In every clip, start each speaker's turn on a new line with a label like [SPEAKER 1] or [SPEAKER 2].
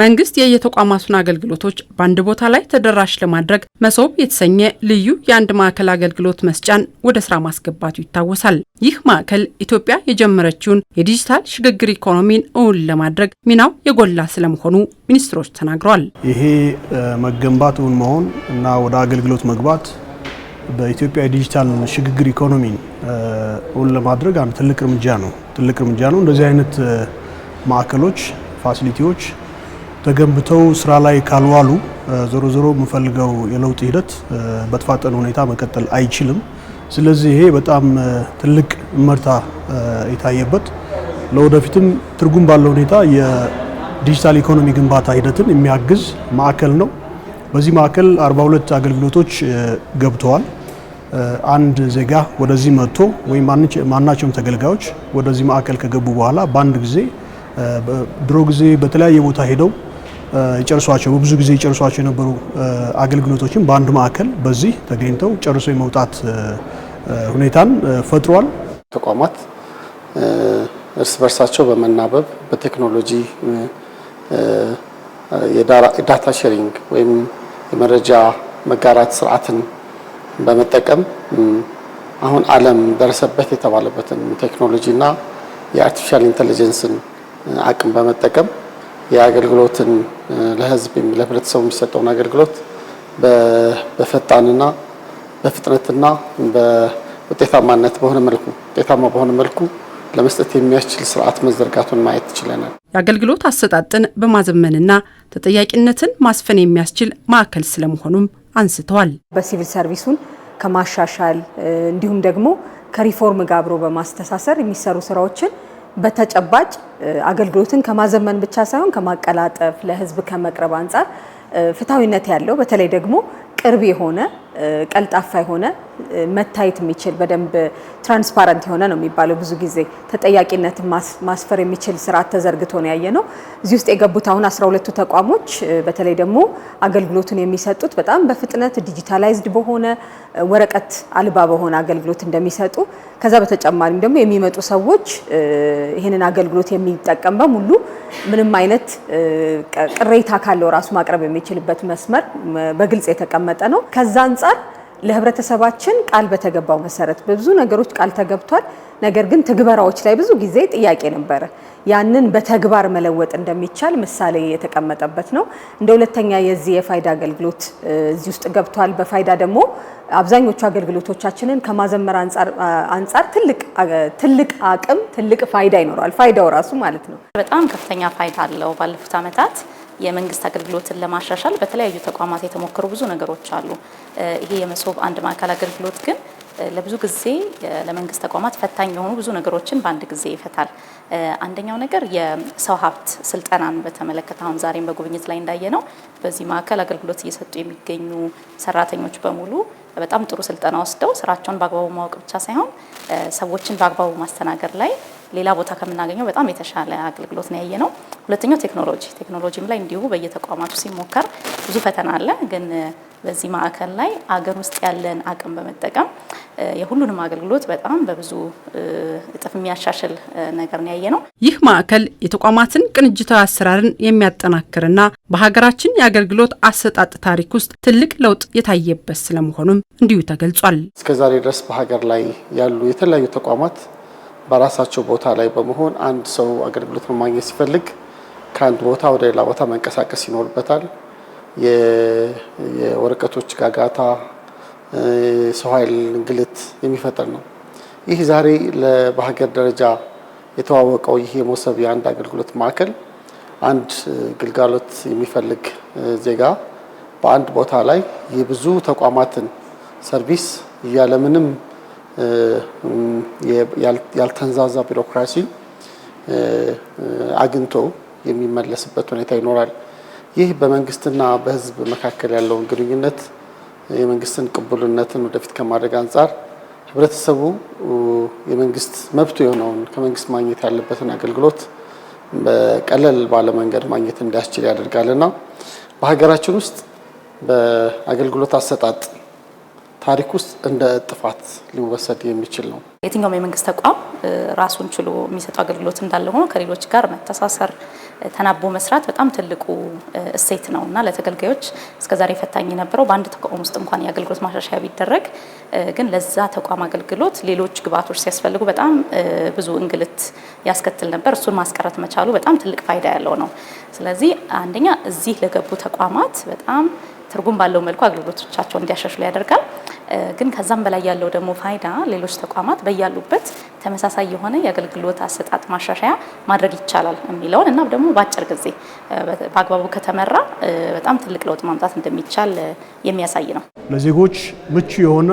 [SPEAKER 1] መንግስት የየተቋማቱን አገልግሎቶች በአንድ ቦታ ላይ ተደራሽ ለማድረግ መሶብ የተሰኘ ልዩ የአንድ ማዕከል አገልግሎት መስጫን ወደ ስራ ማስገባቱ ይታወሳል። ይህ ማዕከል ኢትዮጵያ የጀመረችውን የዲጂታል ሽግግር ኢኮኖሚን እውን ለማድረግ ሚናው የጎላ ስለመሆኑ ሚኒስትሮች ተናግረዋል።
[SPEAKER 2] ይሄ መገንባት እውን መሆን እና ወደ አገልግሎት መግባት በኢትዮጵያ የዲጂታል ሽግግር ኢኮኖሚን እውን ለማድረግ አንድ ትልቅ እርምጃ ነው። ትልቅ እርምጃ ነው። እንደዚህ አይነት ማዕከሎች ፋሲሊቲዎች ተገንብተው ስራ ላይ ካልዋሉ ዞሮ ዞሮ የምፈልገው የለውጥ ሂደት በተፋጠነ ሁኔታ መቀጠል አይችልም። ስለዚህ ይሄ በጣም ትልቅ እመርታ የታየበት ለወደፊትም ትርጉም ባለው ሁኔታ የዲጂታል ኢኮኖሚ ግንባታ ሂደትን የሚያግዝ ማዕከል ነው። በዚህ ማዕከል 42 አገልግሎቶች ገብተዋል። አንድ ዜጋ ወደዚህ መጥቶ ወይም ማናቸውም ተገልጋዮች ወደዚህ ማዕከል ከገቡ በኋላ በአንድ ጊዜ ድሮ ጊዜ በተለያየ ቦታ ሄደው ጨርሷቸው በብዙ ጊዜ ጨርሷቸው የነበሩ አገልግሎቶችን በአንድ ማዕከል በዚህ ተገኝተው ጨርሶ የመውጣት ሁኔታን ፈጥሯል።
[SPEAKER 3] ተቋማት እርስ በርሳቸው በመናበብ በቴክኖሎጂ የዳታ ሼሪንግ ወይም የመረጃ መጋራት ስርዓትን በመጠቀም አሁን ዓለም ደረሰበት የተባለበትን ቴክኖሎጂና የአርቲፊሻል ኢንቴሊጀንስን አቅም በመጠቀም የአገልግሎትን ለህዝብ ለህብረተሰቡ የሚሰጠውን አገልግሎት በፈጣንና በፍጥነትና በውጤታማነት በሆነ መልኩ ውጤታማ በሆነ መልኩ ለመስጠት የሚያስችል ስርዓት መዘርጋቱን ማየት ችለናል።
[SPEAKER 1] የአገልግሎት አሰጣጥን በማዘመንና ተጠያቂነትን ማስፈን የሚያስችል ማዕከል ስለመሆኑም አንስተዋል።
[SPEAKER 4] በሲቪል ሰርቪሱን ከማሻሻል እንዲሁም ደግሞ ከሪፎርም ጋር አብሮ በማስተሳሰር የሚሰሩ ስራዎችን በተጨባጭ አገልግሎትን ከማዘመን ብቻ ሳይሆን ከማቀላጠፍ ለህዝብ ከመቅረብ አንጻር ፍትሐዊነት ያለው በተለይ ደግሞ ቅርብ የሆነ ቀልጣፋ የሆነ መታየት የሚችል በደንብ ትራንስፓረንት የሆነ ነው የሚባለው። ብዙ ጊዜ ተጠያቂነት ማስፈር የሚችል ስርዓት ተዘርግቶ ነው ያየ ነው። እዚህ ውስጥ የገቡት አሁን አስራ ሁለቱ ተቋሞች በተለይ ደግሞ አገልግሎቱን የሚሰጡት በጣም በፍጥነት ዲጂታላይዝድ በሆነ ወረቀት አልባ በሆነ አገልግሎት እንደሚሰጡ ከዛ በተጨማሪም ደግሞ የሚመጡ ሰዎች ይህንን አገልግሎት የሚጠቀም በሙሉ ምንም አይነት ቅሬታ ካለው ራሱ ማቅረብ የሚችልበት መስመር በግልጽ የተቀመጠ ነው። ከዛ አንጻር ለህብረተሰባችን ቃል በተገባው መሰረት በብዙ ነገሮች ቃል ተገብቷል። ነገር ግን ትግበራዎች ላይ ብዙ ጊዜ ጥያቄ ነበረ። ያንን በተግባር መለወጥ እንደሚቻል ምሳሌ የተቀመጠበት ነው። እንደ ሁለተኛ የዚህ የፋይዳ አገልግሎት እዚህ ውስጥ ገብቷል። በፋይዳ ደግሞ አብዛኞቹ አገልግሎቶቻችንን ከማዘመር አንጻር ትልቅ አቅም፣ ትልቅ ፋይዳ ይኖረዋል። ፋይዳው ራሱ ማለት ነው
[SPEAKER 5] በጣም ከፍተኛ ፋይዳ አለው ባለፉት አመታት። የመንግስት አገልግሎትን ለማሻሻል በተለያዩ ተቋማት የተሞከሩ ብዙ ነገሮች አሉ። ይሄ የመሶብ አንድ ማዕከል አገልግሎት ግን ለብዙ ጊዜ ለመንግስት ተቋማት ፈታኝ የሆኑ ብዙ ነገሮችን በአንድ ጊዜ ይፈታል። አንደኛው ነገር የሰው ሀብት ስልጠናን በተመለከተ አሁን ዛሬም በጉብኝት ላይ እንዳየ ነው። በዚህ ማዕከል አገልግሎት እየሰጡ የሚገኙ ሰራተኞች በሙሉ በጣም ጥሩ ስልጠና ወስደው ስራቸውን በአግባቡ ማወቅ ብቻ ሳይሆን ሰዎችን በአግባቡ ማስተናገድ ላይ ሌላ ቦታ ከምናገኘው በጣም የተሻለ አገልግሎት ነው ያየ ነው። ሁለተኛው ቴክኖሎጂ፣ ቴክኖሎጂም ላይ እንዲሁ በየተቋማቱ ሲሞከር ብዙ ፈተና አለ። ግን በዚህ ማዕከል ላይ አገር ውስጥ ያለን አቅም በመጠቀም የሁሉንም አገልግሎት በጣም በብዙ እጥፍ የሚያሻሽል ነገር ነው ያየ ነው።
[SPEAKER 1] ይህ ማዕከል የተቋማትን ቅንጅታዊ አሰራርን የሚያጠናክርና በሀገራችን የአገልግሎት አሰጣጥ ታሪክ ውስጥ ትልቅ ለውጥ የታየበት ስለመሆኑም እንዲሁ ተገልጿል።
[SPEAKER 3] እስከዛሬ ድረስ በሀገር ላይ ያሉ የተለያዩ ተቋማት በራሳቸው ቦታ ላይ በመሆን አንድ ሰው አገልግሎት ማግኘት ሲፈልግ ከአንድ ቦታ ወደ ሌላ ቦታ መንቀሳቀስ ይኖርበታል። የወረቀቶች ጋጋታ፣ ሰው ኃይል እንግልት የሚፈጠር ነው። ይህ ዛሬ በሀገር ደረጃ የተዋወቀው ይህ የመሶብ የአንድ አገልግሎት ማዕከል አንድ ግልጋሎት የሚፈልግ ዜጋ በአንድ ቦታ ላይ የብዙ ተቋማትን ሰርቪስ ምንም? ያልተንዛዛ ቢሮክራሲ አግኝቶ የሚመለስበት ሁኔታ ይኖራል። ይህ በመንግስትና በህዝብ መካከል ያለውን ግንኙነት የመንግስትን ቅቡልነትን ወደፊት ከማድረግ አንጻር ህብረተሰቡ የመንግስት መብቱ የሆነውን ከመንግስት ማግኘት ያለበትን አገልግሎት በቀለል ባለመንገድ ማግኘት እንዲያስችል ያደርጋልና በሀገራችን ውስጥ በአገልግሎት አሰጣጥ ታሪክ ውስጥ እንደ ጥፋት ሊወሰድ የሚችል ነው።
[SPEAKER 5] የትኛውም የመንግስት ተቋም ራሱን ችሎ የሚሰጠው አገልግሎት እንዳለ ሆኖ ከሌሎች ጋር መተሳሰር፣ ተናቦ መስራት በጣም ትልቁ እሴት ነው እና ለተገልጋዮች እስከዛሬ ፈታኝ የነበረው በአንድ ተቋም ውስጥ እንኳን የአገልግሎት ማሻሻያ ቢደረግ ግን ለዛ ተቋም አገልግሎት ሌሎች ግብአቶች ሲያስፈልጉ በጣም ብዙ እንግልት ያስከትል ነበር። እሱን ማስቀረት መቻሉ በጣም ትልቅ ፋይዳ ያለው ነው። ስለዚህ አንደኛ እዚህ ለገቡ ተቋማት በጣም ትርጉም ባለው መልኩ አገልግሎቶቻቸው እንዲያሻሽሉ ያደርጋል። ግን ከዛም በላይ ያለው ደግሞ ፋይዳ ሌሎች ተቋማት በያሉበት ተመሳሳይ የሆነ የአገልግሎት አሰጣጥ ማሻሻያ ማድረግ ይቻላል የሚለውን እና ደግሞ በአጭር ጊዜ በአግባቡ ከተመራ በጣም ትልቅ ለውጥ ማምጣት እንደሚቻል የሚያሳይ ነው።
[SPEAKER 2] ለዜጎች ምቹ የሆነ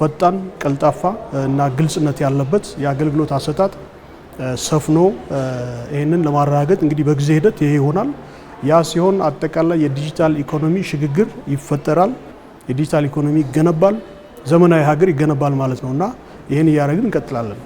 [SPEAKER 2] ፈጣን፣ ቀልጣፋ እና ግልጽነት ያለበት የአገልግሎት አሰጣጥ ሰፍኖ ይህንን ለማረጋገጥ እንግዲህ በጊዜ ሂደት ይሄ ይሆናል። ያ ሲሆን አጠቃላይ የዲጂታል ኢኮኖሚ ሽግግር ይፈጠራል። የዲጂታል ኢኮኖሚ ይገነባል፣ ዘመናዊ ሀገር ይገነባል ማለት ነው እና ይህን እያደረግን እንቀጥላለን።